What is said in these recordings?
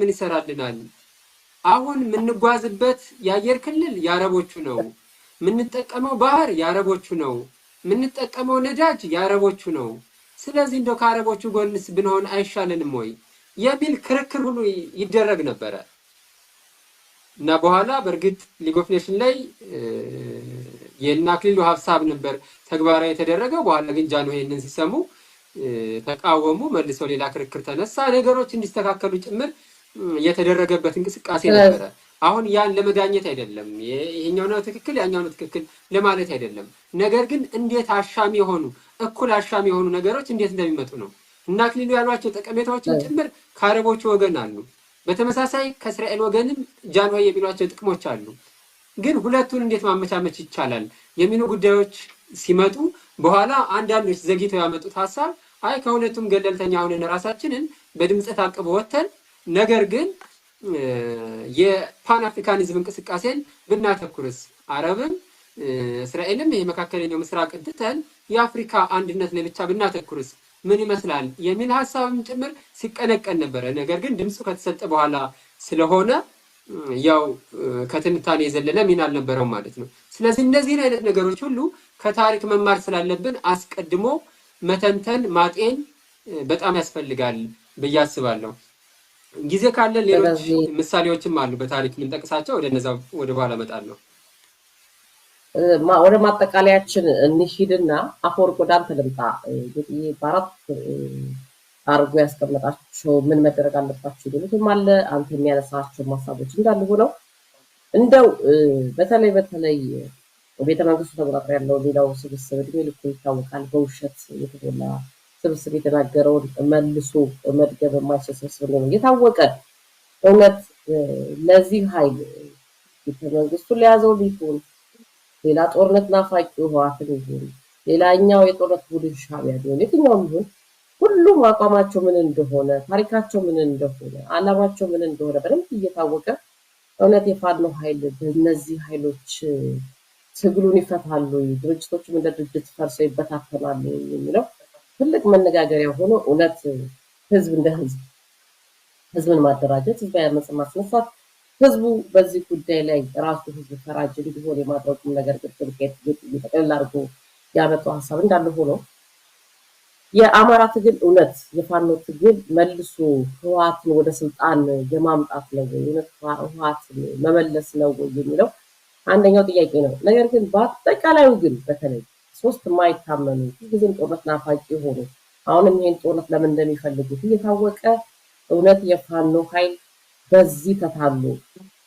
ምን ይሰራልናል? አሁን የምንጓዝበት የአየር ክልል የአረቦቹ ነው። የምንጠቀመው ባህር የአረቦቹ ነው። የምንጠቀመው ነዳጅ የአረቦቹ ነው። ስለዚህ እንደው ከአረቦቹ ጎንስ ብንሆን አይሻለንም ወይ የሚል ክርክር ሁሉ ይደረግ ነበረ እና በኋላ በእርግጥ ሊግ ኦፍ ኔሽን ላይ የእነ አክሊሉ ሀሳብ ነበር ተግባራዊ የተደረገው። በኋላ ግን ጃን ይህንን ሲሰሙ ተቃወሙ። መልሰው ሌላ ክርክር ተነሳ። ነገሮች እንዲስተካከሉ ጭምር የተደረገበት እንቅስቃሴ ነበረ። አሁን ያን ለመዳኘት አይደለም፣ ይሄኛው ነው ትክክል፣ ያኛው ነው ትክክል ለማለት አይደለም። ነገር ግን እንዴት አሻሚ የሆኑ እኩል አሻሚ የሆኑ ነገሮች እንዴት እንደሚመጡ ነው እና አክሊሉ ያሏቸው ጠቀሜታዎችን ጭምር ከአረቦቹ ወገን አሉ። በተመሳሳይ ከእስራኤል ወገንም ጃንሆይ የሚሏቸው ጥቅሞች አሉ። ግን ሁለቱን እንዴት ማመቻመች ይቻላል የሚሉ ጉዳዮች ሲመጡ በኋላ አንዳንዶች ዘግይተው ያመጡት ሀሳብ አይ ከሁለቱም ገለልተኛ ሆነን ራሳችንን በድምፀት አቅቦ ወተን ነገር ግን የፓን አፍሪካኒዝም እንቅስቃሴን ብናተኩርስ አረብም እስራኤልም የመካከለኛው ምስራቅ ትተን የአፍሪካ አንድነት ላይ ብቻ ብናተኩርስ ምን ይመስላል የሚል ሀሳብም ጭምር ሲቀነቀን ነበረ። ነገር ግን ድምፁ ከተሰጠ በኋላ ስለሆነ ያው ከትንታኔ የዘለለ ሚና አልነበረው ማለት ነው። ስለዚህ እነዚህን አይነት ነገሮች ሁሉ ከታሪክ መማር ስላለብን አስቀድሞ መተንተን ማጤን በጣም ያስፈልጋል ብዬ አስባለሁ። ጊዜ ካለ ሌሎች ምሳሌዎችም አሉ በታሪክ የምንጠቅሳቸው፣ ወደ ወደ በኋላ እመጣለሁ። ወደ ማጠቃለያችን እንሂድና አፈወርቅ ወደ አንተ ልምጣ። በአራት አድርጎ ያስቀመጣቸው ምን መደረግ አለባቸው የሚሉትም አለ፣ አንተ የሚያነሳቸው ሀሳቦች እንዳሉ ሆነው እንደው በተለይ በተለይ ቤተመንግስቱ ተቆጣጥሮ ያለው ሌላው ስብስብ እድሜ ልኩ ይታወቃል በውሸት የተሞላ ስብስብ የተናገረውን መልሶ መድገብ የማይችል ስብስብ ነው የታወቀ እውነት። ለዚህ ኃይል ቤተመንግስቱን ለያዘው ሊሆን ሌላ ጦርነት ናፋቂ ህወሓትን ይሁን ሌላኛው የጦርነት ቡድን ሻዕቢያ ሊሆን የትኛውም ይሁን ሁሉም አቋማቸው ምን እንደሆነ፣ ታሪካቸው ምን እንደሆነ፣ አላማቸው ምን እንደሆነ በደንብ እየታወቀ እውነት የፋኖ ኃይል በእነዚህ ኃይሎች ትግሉን ይፈታሉ፣ ድርጅቶችም እንደ ድርጅት ፈርሰው ይበታተናሉ የሚለው ትልቅ መነጋገሪያ ሆኖ እውነት ህዝብ እንደ ህዝብ ህዝብን ማደራጀት፣ ህዝባዊ አመፅን ማስነሳት፣ ህዝቡ በዚህ ጉዳይ ላይ ራሱ ህዝብ ፈራጅ እንዲሆን የማድረጉም ነገር ግጥምቄት ጠቅልል አድርጎ ያመጣው ሀሳብ እንዳለ ሆኖ የአማራ ትግል እውነት የፋኖ ትግል መልሶ ህወሓትን ወደ ስልጣን የማምጣት ነው ወይ እውነት ህወሓትን መመለስ ነው ወይ የሚለው አንደኛው ጥያቄ ነው። ነገር ግን በአጠቃላዩ ግን በተለይ ሶስት የማይታመኑ ጊዜም ጦርነት ናፋቂ የሆኑ አሁንም ይህን ጦርነት ለምን እንደሚፈልጉት እየታወቀ እውነት የፋኖ ኃይል በዚህ ተታሉ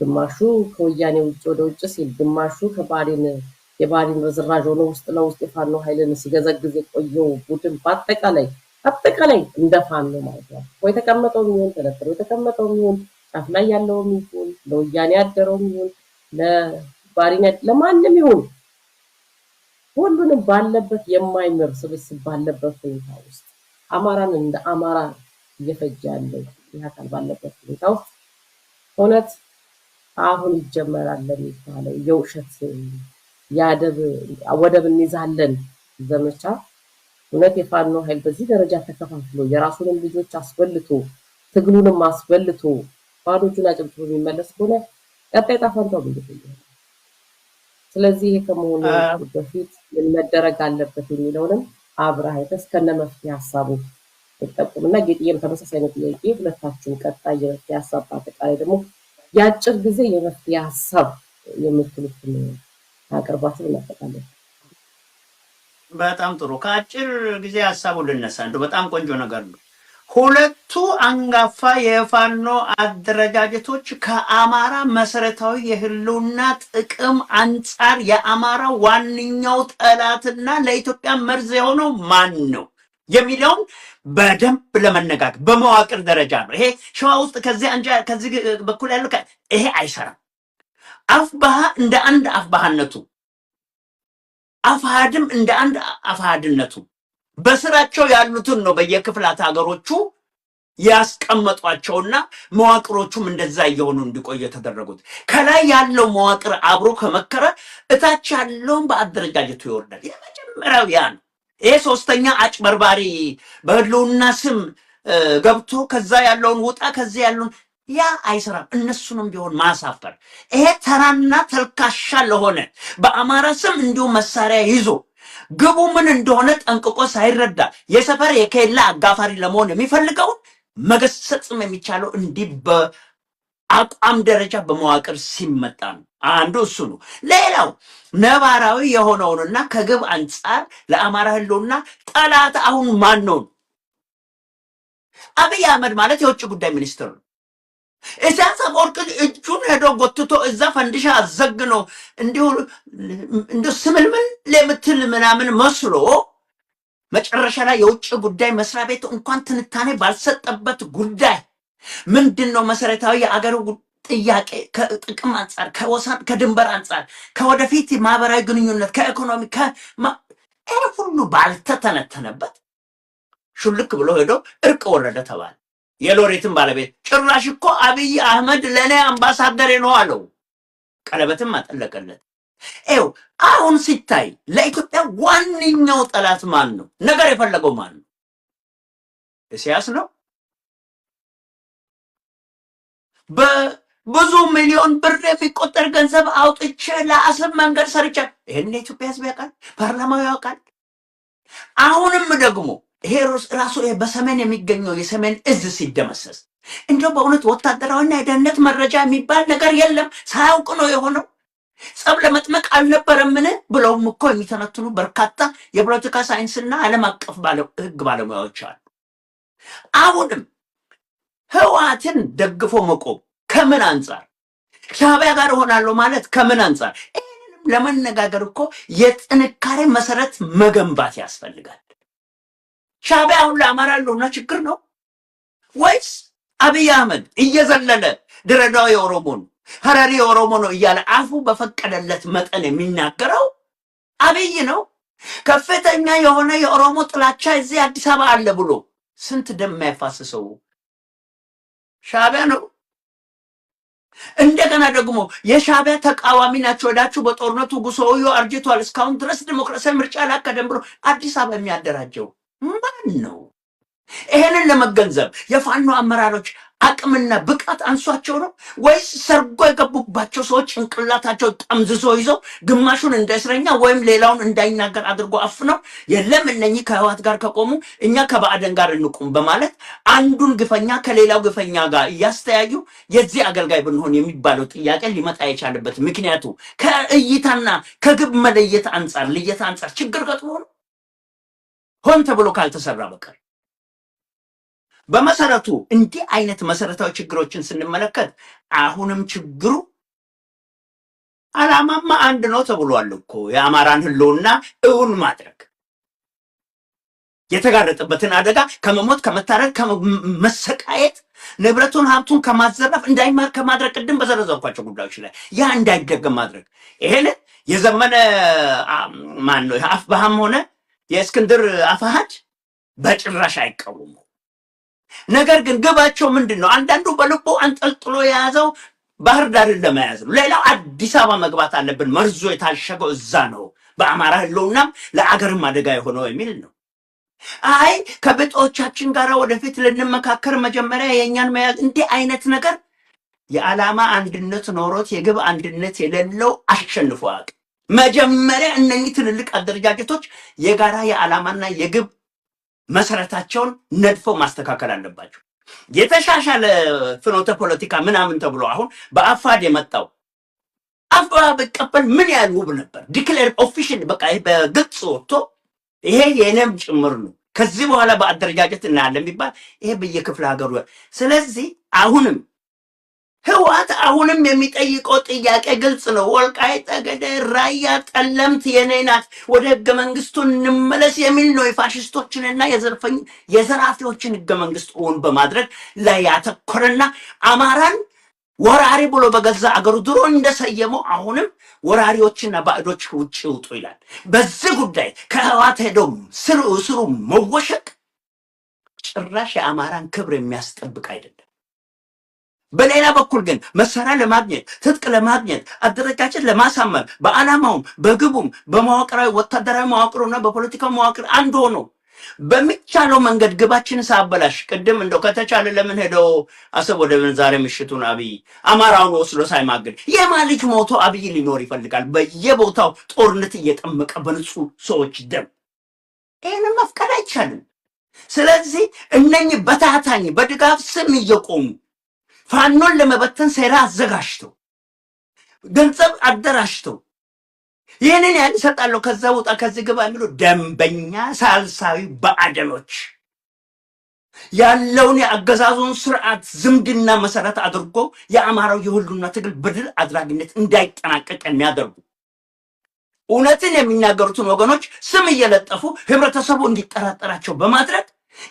ግማሹ ከወያኔ ውጭ ወደ ውጭ ሲል፣ ግማሹ ከባሪን የባሪን ርዝራዥ ሆኖ ውስጥ ለውስጥ የፋኖ ኃይልን ሲገዘግዝ የቆየው ቡድን በአጠቃላይ አጠቃላይ እንደ ፋኖ ማለት ነው ወይ ተቀመጠው የሚሆን ተለጥሮ የተቀመጠው የሚሆን ጫፍ ላይ ያለው የሚሆን ለወያኔ ያደረው የሚሆን ለባሪን ለማንም ይሁን ሁሉንም ባለበት የማይምር ስብስብ ባለበት ሁኔታ ውስጥ አማራን እንደ አማራ እየፈጀ ያለው ይህ አካል ባለበት ሁኔታ ውስጥ እውነት አሁን ይጀመራል ለሚባለው የውሸት የአደብ ወደብ እንይዛለን ዘመቻ እውነት የፋኖ ኃይል በዚህ ደረጃ ተከፋፍሎ የራሱንም ልጆች አስበልቶ ትግሉንም አስበልቶ ባዶቹን እጁን የሚመለስ ከሆነ ቀጣይ ጣፋንታው ብልት ስለዚህ ይሄ ከመሆኑ በፊት ምን መደረግ አለበት የሚለውንም አብረህ አይተህ እስከነ መፍትሄ ሀሳቡ እና ጌጥዬም ተመሳሳይ ነው ጥያቄ። ሁለታችሁም ቀጣይ የመፍትሄ ሀሳብ በአጠቃላይ ደግሞ የአጭር ጊዜ የመፍትሄ ሀሳብ የምትሉት አቅርባችሁ እናጠቃለን። በጣም ጥሩ። ከአጭር ጊዜ ሀሳቡ ልነሳ። በጣም ቆንጆ ነገር ነው። ሁለቱ አንጋፋ የፋኖ አደረጃጀቶች ከአማራ መሰረታዊ የህልውና ጥቅም አንጻር የአማራ ዋነኛው ጠላትና ለኢትዮጵያ መርዝ የሆነው ማን ነው የሚለውን በደንብ ለመነጋገር በመዋቅር ደረጃ ነው። ይሄ ሸዋ ውስጥ ከዚህ አንጃ ከዚህ በኩል ያሉ ይሄ አይሰራም። አፍባሃ እንደ አንድ አፍባሃነቱ፣ አፍሃድም እንደ አንድ አፍሃድነቱ በስራቸው ያሉትን ነው በየክፍላት ሀገሮቹ ያስቀመጧቸውና መዋቅሮቹም እንደዛ እየሆኑ እንዲቆዩ የተደረጉት። ከላይ ያለው መዋቅር አብሮ ከመከረ እታች ያለውን በአደረጃጀቱ ይወርዳል። የመጀመሪያው ያ ነው። ይሄ ሶስተኛ አጭበርባሪ በህልውና ስም ገብቶ ከዛ ያለውን ውጣ ከዚህ ያለውን ያ አይሰራም። እነሱንም ቢሆን ማሳፈር ይሄ ተራና ተልካሻ ለሆነ በአማራ ስም እንዲሁም መሳሪያ ይዞ ግቡ ምን እንደሆነ ጠንቅቆ ሳይረዳ የሰፈር የኬላ አጋፋሪ ለመሆን የሚፈልገውን መገሰጽም የሚቻለው እንዲህ በአቋም ደረጃ በመዋቅር ሲመጣ ነው። አንዱ እሱ ነው። ሌላው ነባራዊ የሆነውንና ከግብ አንጻር ለአማራ ህልውና ጠላት አሁን ማን ነው? አብይ አህመድ ማለት የውጭ ጉዳይ ሚኒስትር ነው። ኢሳያስ አፈወርቅን እጁን ሄዶ ጎትቶ እዛ ፈንዲሻ አዘግኖ እንዲሁ እንዲ ስምልምል ለምትል ምናምን መስሎ መጨረሻ ላይ የውጭ ጉዳይ መስሪያ ቤት እንኳን ትንታኔ ባልሰጠበት ጉዳይ ምንድን ነው መሰረታዊ የአገር ጥያቄ ከጥቅም አንጻር፣ ከወሰን ከድንበር አንጻር፣ ከወደፊት ማህበራዊ ግንኙነት፣ ከኢኮኖሚ ይህ ሁሉ ባልተተነተነበት ሹልክ ብሎ ሄዶ እርቅ ወረደ ተባለ። የሎሬትን ባለቤት ጭራሽ እኮ አብይ አህመድ ለእኔ አምባሳደሬ ነው አለው። ቀለበትም አጠለቀለት። ይኸው አሁን ሲታይ ለኢትዮጵያ ዋነኛው ጠላት ማን ነው? ነገር የፈለገው ማን ነው? ኢሳያስ ነው። በብዙ ሚሊዮን ብር የሚቆጠር ገንዘብ አውጥቼ ለአሰብ መንገድ ሰርቻል። ይህን የኢትዮጵያ ሕዝብ ያውቃል፣ ፓርላማው ያውቃል። አሁንም ደግሞ ሄሮድስ ራሱ በሰሜን የሚገኘው የሰሜን እዝ ሲደመሰስ እንዲሁ በእውነት ወታደራዊና የደህንነት መረጃ የሚባል ነገር የለም። ሳያውቅ ነው የሆነው። ጸብ ለመጥመቅ አልነበረምን ብለውም እኮ የሚተነትኑ በርካታ የፖለቲካ ሳይንስና ዓለም አቀፍ ሕግ ባለሙያዎች አሉ። አሁንም ህወሓትን ደግፎ መቆም ከምን አንጻር፣ ሻዕቢያ ጋር እሆናለሁ ማለት ከምን አንጻር? ይህንንም ለመነጋገር እኮ የጥንካሬ መሰረት መገንባት ያስፈልጋል። ሻዕቢያ አሁን ለአማራ ያለውና ችግር ነው ወይስ አብይ አህመድ እየዘለለ ድሬዳዋ የኦሮሞ ነው ሀረሪ የኦሮሞ ነው እያለ አፉ በፈቀደለት መጠን የሚናገረው አብይ ነው? ከፍተኛ የሆነ የኦሮሞ ጥላቻ እዚህ አዲስ አበባ አለ ብሎ ስንት ደም የማያፋስሰው ሻዕቢያ ነው። እንደገና ደግሞ የሻዕቢያ ተቃዋሚ ናቸው ወዳችሁ በጦርነቱ ጉሶዮ አርጅቷል። እስካሁን ድረስ ዲሞክራሲያዊ ምርጫ ላከደም ብሎ አዲስ አበባ የሚያደራጀው ማን ነው? ይሄንን ለመገንዘብ የፋኖ አመራሮች አቅምና ብቃት አንሷቸው ነው ወይስ ሰርጎ የገቡባቸው ሰዎች ጭንቅላታቸው ጠምዝዞ ይዘው ግማሹን እንደ እስረኛ ወይም ሌላውን እንዳይናገር አድርጎ አፍነው የለም እነኚህ ከህወሓት ጋር ከቆሙ እኛ ከባዕደን ጋር እንቁም በማለት አንዱን ግፈኛ ከሌላው ግፈኛ ጋር እያስተያዩ የዚህ አገልጋይ ብንሆን የሚባለው ጥያቄ ሊመጣ የቻለበት ምክንያቱ ከእይታና ከግብ መለየት አንጻር ልየት አንጻር ችግር ገጥሞ ነው። ሆን ተብሎ ካልተሰራ በቀር በመሰረቱ እንዲህ አይነት መሰረታዊ ችግሮችን ስንመለከት አሁንም ችግሩ አላማማ አንድ ነው ተብሏል እኮ የአማራን ህልውና እውን ማድረግ የተጋረጠበትን አደጋ ከመሞት ከመታረድ፣ ከመሰቃየት፣ ንብረቱን ሀብቱን ከማዘረፍ እንዳይማር ከማድረግ ቅድም በዘረዘርኳቸው ጉዳዮች ላይ ያ እንዳይደገም ማድረግ ይሄንን የዘመነ ማን ነው አፍ ሆነ የእስክንድር አፋሃድ በጭራሽ አይቃወሙ። ነገር ግን ግባቸው ምንድን ነው? አንዳንዱ በልቦ አንጠልጥሎ የያዘው ባህር ዳርን ለመያዝ ነው። ሌላው አዲስ አበባ መግባት አለብን፣ መርዞ የታሸገው እዛ ነው፣ በአማራ ህልውናም ለአገርም አደጋ የሆነው የሚል ነው። አይ ከብጦቻችን ጋር ወደፊት ልንመካከር መጀመሪያ የእኛን መያዝ። እንዲህ አይነት ነገር የዓላማ አንድነት ኖሮት የግብ አንድነት የሌለው አሸንፎ አያውቅም። መጀመሪያ እነኚህ ትልልቅ አደረጃጀቶች የጋራ የዓላማና የግብ መሰረታቸውን ነድፈው ማስተካከል አለባቸው። የተሻሻለ ፍኖተ ፖለቲካ ምናምን ተብሎ አሁን በአፋድ የመጣው አፋ በቀበል ምን ያህል ውብ ነበር። ዲክሌር ኦፊሽል በቃ በግልጽ ወጥቶ ይሄ የእኔም ጭምር ነው ከዚህ በኋላ በአደረጃጀት እናያለን የሚባል ይሄ በየክፍለ ሀገሩ። ስለዚህ አሁንም ህወሓት አሁንም የሚጠይቀው ጥያቄ ግልጽ ነው። ወልቃይት ጠገዴ፣ ራያ፣ ጠለምት የኔ ናት፣ ወደ ህገ መንግስቱ እንመለስ የሚል ነው። የፋሽስቶችንና የዘራፊዎችን ህገ መንግስት እውን በማድረግ ላይ ያተኮረና አማራን ወራሪ ብሎ በገዛ አገሩ ድሮ እንደሰየመው አሁንም ወራሪዎችና ባዕዶች ውጭ ውጡ ይላል። በዚህ ጉዳይ ከህወሓት ሄደው ስሩ ስሩ መወሸቅ ጭራሽ የአማራን ክብር የሚያስጠብቅ አይደለም። በሌላ በኩል ግን መሳሪያ ለማግኘት ትጥቅ ለማግኘት አደረጃጀት ለማሳመር በዓላማውም በግቡም በመዋቅራዊ ወታደራዊ መዋቅሩና በፖለቲካዊ መዋቅር አንድ ሆኖ በሚቻለው መንገድ ግባችን ሳበላሽ ቅድም እንደው ከተቻለ ለምን ሄደው አሰብ ወደብን ዛሬ ምሽቱን አብይ አማራውን ወስዶ ሳይማግድ የማ ልጅ ሞቶ አብይ ሊኖር ይፈልጋል። በየቦታው ጦርነት እየጠመቀ በንጹህ ሰዎች ደም ይህንም መፍቀድ አይቻልም። ስለዚህ እነኝህ በታታኝ በድጋፍ ስም እየቆሙ ፋኖን ለመበተን ሴራ አዘጋጅቶ ገንዘብ አደራጅቶ ይህንን ያህል ይሰጣለሁ ከዛ ውጣ፣ ከዚህ ግባ የሚሉ ደንበኛ ሳልሳዊ በአደኖች ያለውን የአገዛዙን ስርዓት ዝምድና መሰረት አድርጎ የአማራው የሁሉና ትግል በድል አድራጊነት እንዳይጠናቀቅ የሚያደርጉ እውነትን የሚናገሩትን ወገኖች ስም እየለጠፉ ህብረተሰቡ እንዲጠራጠራቸው በማድረግ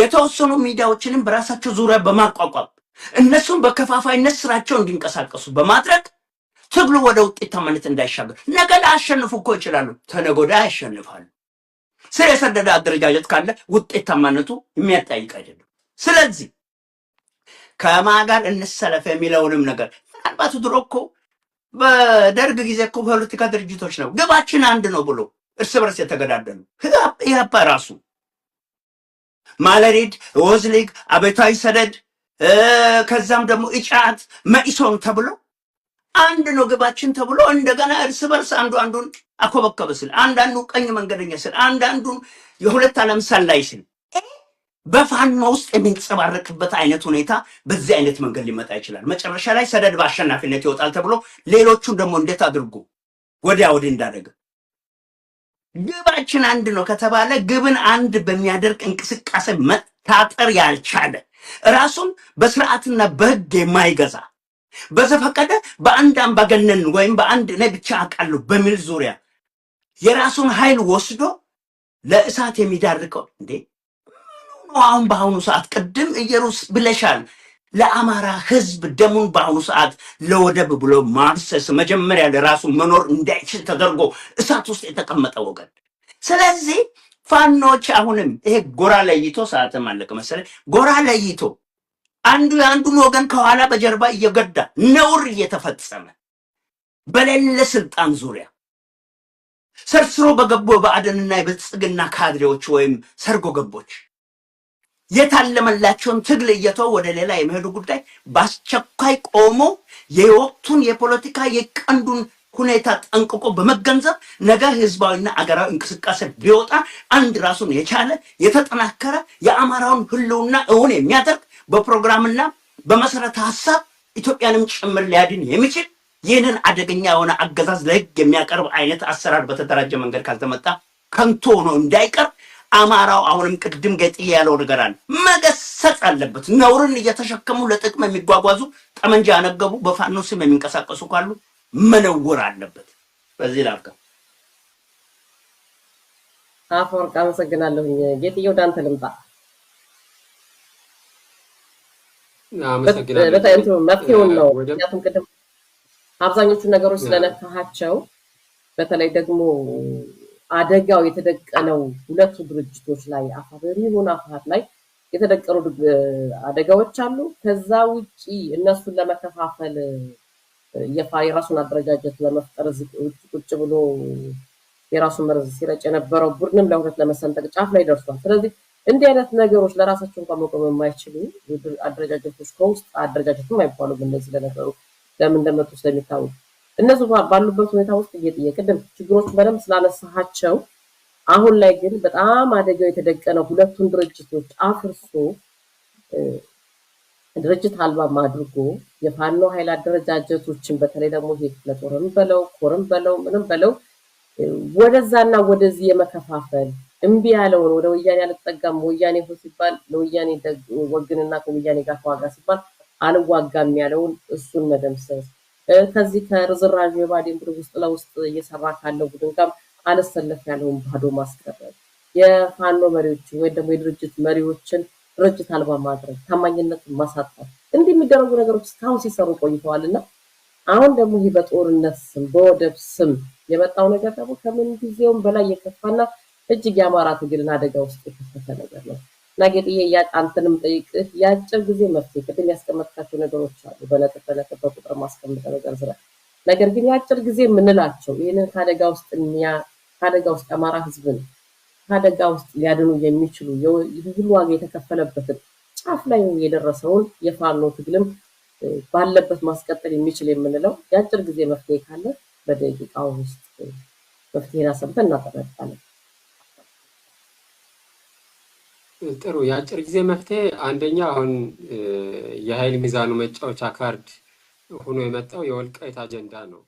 የተወሰኑ ሚዲያዎችንም በራሳቸው ዙሪያ በማቋቋም እነሱም በከፋፋይነት ስራቸው እንዲንቀሳቀሱ በማድረግ ትግሉ ወደ ውጤታማነት እንዳይሻገር። ነገ ላያሸንፉ እኮ ይችላሉ፣ ተነጎዳ ያሸንፋሉ። ስር የሰደደ አደረጃጀት ካለ ውጤታማነቱ የሚያጠያይቅ አይደለም። ስለዚህ ከማ ጋር እንሰለፍ የሚለውንም ነገር ምናልባት ድሮ እኮ በደርግ ጊዜ እኮ ፖለቲካ ድርጅቶች ነው ግባችን አንድ ነው ብሎ እርስ በርስ የተገዳደሉ ኢህአፓ ራሱ ማለሪድ ወዝሊግ አቤታዊ ሰደድ ከዛም ደግሞ እጫት መኢሶን ተብሎ አንድ ነው ግባችን ተብሎ እንደገና እርስ በርስ አንዱ አንዱን አኮበከበ ስል አንዳንዱ ቀኝ መንገደኛ ስል አንዳንዱ የሁለት ዓለም ሰላይ ስል በፋኖ ውስጥ የሚንጸባረቅበት አይነት ሁኔታ በዚህ አይነት መንገድ ሊመጣ ይችላል። መጨረሻ ላይ ሰደድ በአሸናፊነት ይወጣል ተብሎ ሌሎቹን ደግሞ እንዴት አድርጎ ወዲያ ወዲህ እንዳደረገ ግባችን አንድ ነው ከተባለ ግብን አንድ በሚያደርግ እንቅስቃሴ መታጠር ያልቻለ ራሱን በስርዓትና በህግ የማይገዛ በዘፈቀደ በአንድ አምባገነን ወይም በአንድ እኔ ብቻ አውቃለሁ በሚል ዙሪያ የራሱን ኃይል ወስዶ ለእሳት የሚዳርቀው እንዴ አሁን በአሁኑ ሰዓት ቅድም ኢየሩስ ብለሻል። ለአማራ ህዝብ ደሙን በአሁኑ ሰዓት ለወደብ ብሎ ማፍሰስ መጀመሪያ ለራሱ መኖር እንዳይችል ተደርጎ እሳት ውስጥ የተቀመጠ ወገን። ስለዚህ ፋኖች አሁንም ይሄ ጎራ ለይቶ ሰዓት አለቀ መሰለኝ፣ ጎራ ለይቶ አንዱ የአንዱን ወገን ከኋላ በጀርባ እየገዳ ነውር እየተፈጸመ በሌለ ስልጣን ዙሪያ ሰርስሮ በገቡ በአደንና የብልጽግና ካድሬዎች ወይም ሰርጎ ገቦች የታለመላቸውን ትግል እየተው ወደ ሌላ የመሄዱ ጉዳይ በአስቸኳይ ቆሞ የወቅቱን የፖለቲካ የቀንዱን ሁኔታ ጠንቅቆ በመገንዘብ ነገ ህዝባዊና አገራዊ እንቅስቃሴ ቢወጣ አንድ ራሱን የቻለ የተጠናከረ የአማራውን ህልውና እውን የሚያደርግ በፕሮግራምና በመሰረተ ሀሳብ ኢትዮጵያንም ጭምር ሊያድን የሚችል ይህንን አደገኛ የሆነ አገዛዝ ለህግ የሚያቀርብ አይነት አሰራር በተደራጀ መንገድ ካልተመጣ ከንቶ ሆኖ እንዳይቀር አማራው አሁንም ቅድም ገጥዬ ያለው ነገር አለ፣ መገሰጽ አለበት። ነውርን እየተሸከሙ ለጥቅም የሚጓጓዙ ጠመንጃ ያነገቡ በፋኖ ስም የሚንቀሳቀሱ ካሉ መነወር አለበት። በዚህ ላብቃ። አፈወርቅ አመሰግናለሁ። ጌጥዬ ወደ አንተ ልምጣ። አመሰግናለሁ። መፍትሄውን ነው ምክንያቱም ቅድም አብዛኞቹ ነገሮች ስለነካሃቸው በተለይ ደግሞ አደጋው የተደቀነው ሁለቱ ድርጅቶች ላይ አፋሪ ሆነ አፋት ላይ የተደቀኑ አደጋዎች አሉ። ከዛ ውጪ እነሱን ለመከፋፈል የፋ የራሱን አደረጃጀት ለመፍጠር ቁጭ ብሎ የራሱን መርዝ ሲረጭ የነበረው ቡድንም ለሁለት ለመሰንጠቅ ጫፍ ላይ ደርሷል። ስለዚህ እንዲህ አይነት ነገሮች ለራሳቸው እንኳ መቆም የማይችሉ አደረጃጀቶች ከውስጥ አደረጃጀቱም አይባሉም። እነዚህ ለነገሩ ለምን እንደመጡ ስለሚታወቅ እነዚህ ባሉበት ሁኔታ ውስጥ ቅድም ችግሮች በደንብ ስላነሳሃቸው፣ አሁን ላይ ግን በጣም አደጋው የተደቀነው ሁለቱን ድርጅቶች አፍርሶ ድርጅት አልባም አድርጎ የፋኖ ኃይል አደረጃጀቶችን በተለይ ደግሞ ይሄ ክፍለ ጦርም በለው ኮርም በለው ምንም በለው ወደዛና ወደዚህ የመከፋፈል እምቢ ያለውን ወደ ወያኔ አልጠጋም ወያኔ ሆ ሲባል ለወያኔ ወግንና ከወያኔ ጋር ተዋጋ ሲባል አልዋጋም ያለውን እሱን መደምሰስ ከዚህ ከርዝራዥ የባዴን ብር ውስጥ ለውስጥ እየሰራ ካለው ቡድን ጋር አልሰለፍ ያለውን ባዶ ማስቀረብ የፋኖ መሪዎችን ወይም ደግሞ የድርጅት መሪዎችን ድርጅት አልባ ማድረግ፣ ታማኝነትን ማሳጣት፣ እንዲህ የሚደረጉ ነገሮች እስካሁን ሲሰሩ ቆይተዋል አሁን ደግሞ ይህ በጦርነት ስም በወደብ ስም የመጣው ነገር ደግሞ ከምን ጊዜውም በላይ የከፋና እጅግ የአማራ ትግልን አደጋ ውስጥ የከፈተ ነገር ነው እና ጌጥዬ አንተንም ጠይቅህ የአጭር ጊዜ መፍትሄ ቅድም ያስቀመጥካቸው ነገሮች አሉ፣ በነጥብ በነጥብ በቁጥር ማስቀምጠ ነገር ዝረ ነገር ግን የአጭር ጊዜ የምንላቸው ይህንን ከአደጋ ውስጥ ከአደጋ ውስጥ አማራ ህዝብን ከአደጋ ውስጥ ሊያድኑ የሚችሉ ሁሉ ዋጋ የተከፈለበትን ጫፍ ላይ የደረሰውን የፋኖ ትግልም ባለበት ማስቀጠል የሚችል የምንለው የአጭር ጊዜ መፍትሄ ካለ በደቂቃ ውስጥ መፍትሄን አሰብተን እናጠናቅቃለን። ጥሩ። የአጭር ጊዜ መፍትሄ አንደኛ አሁን የኃይል ሚዛኑ መጫወቻ ካርድ ሆኖ የመጣው የወልቃይት አጀንዳ ነው።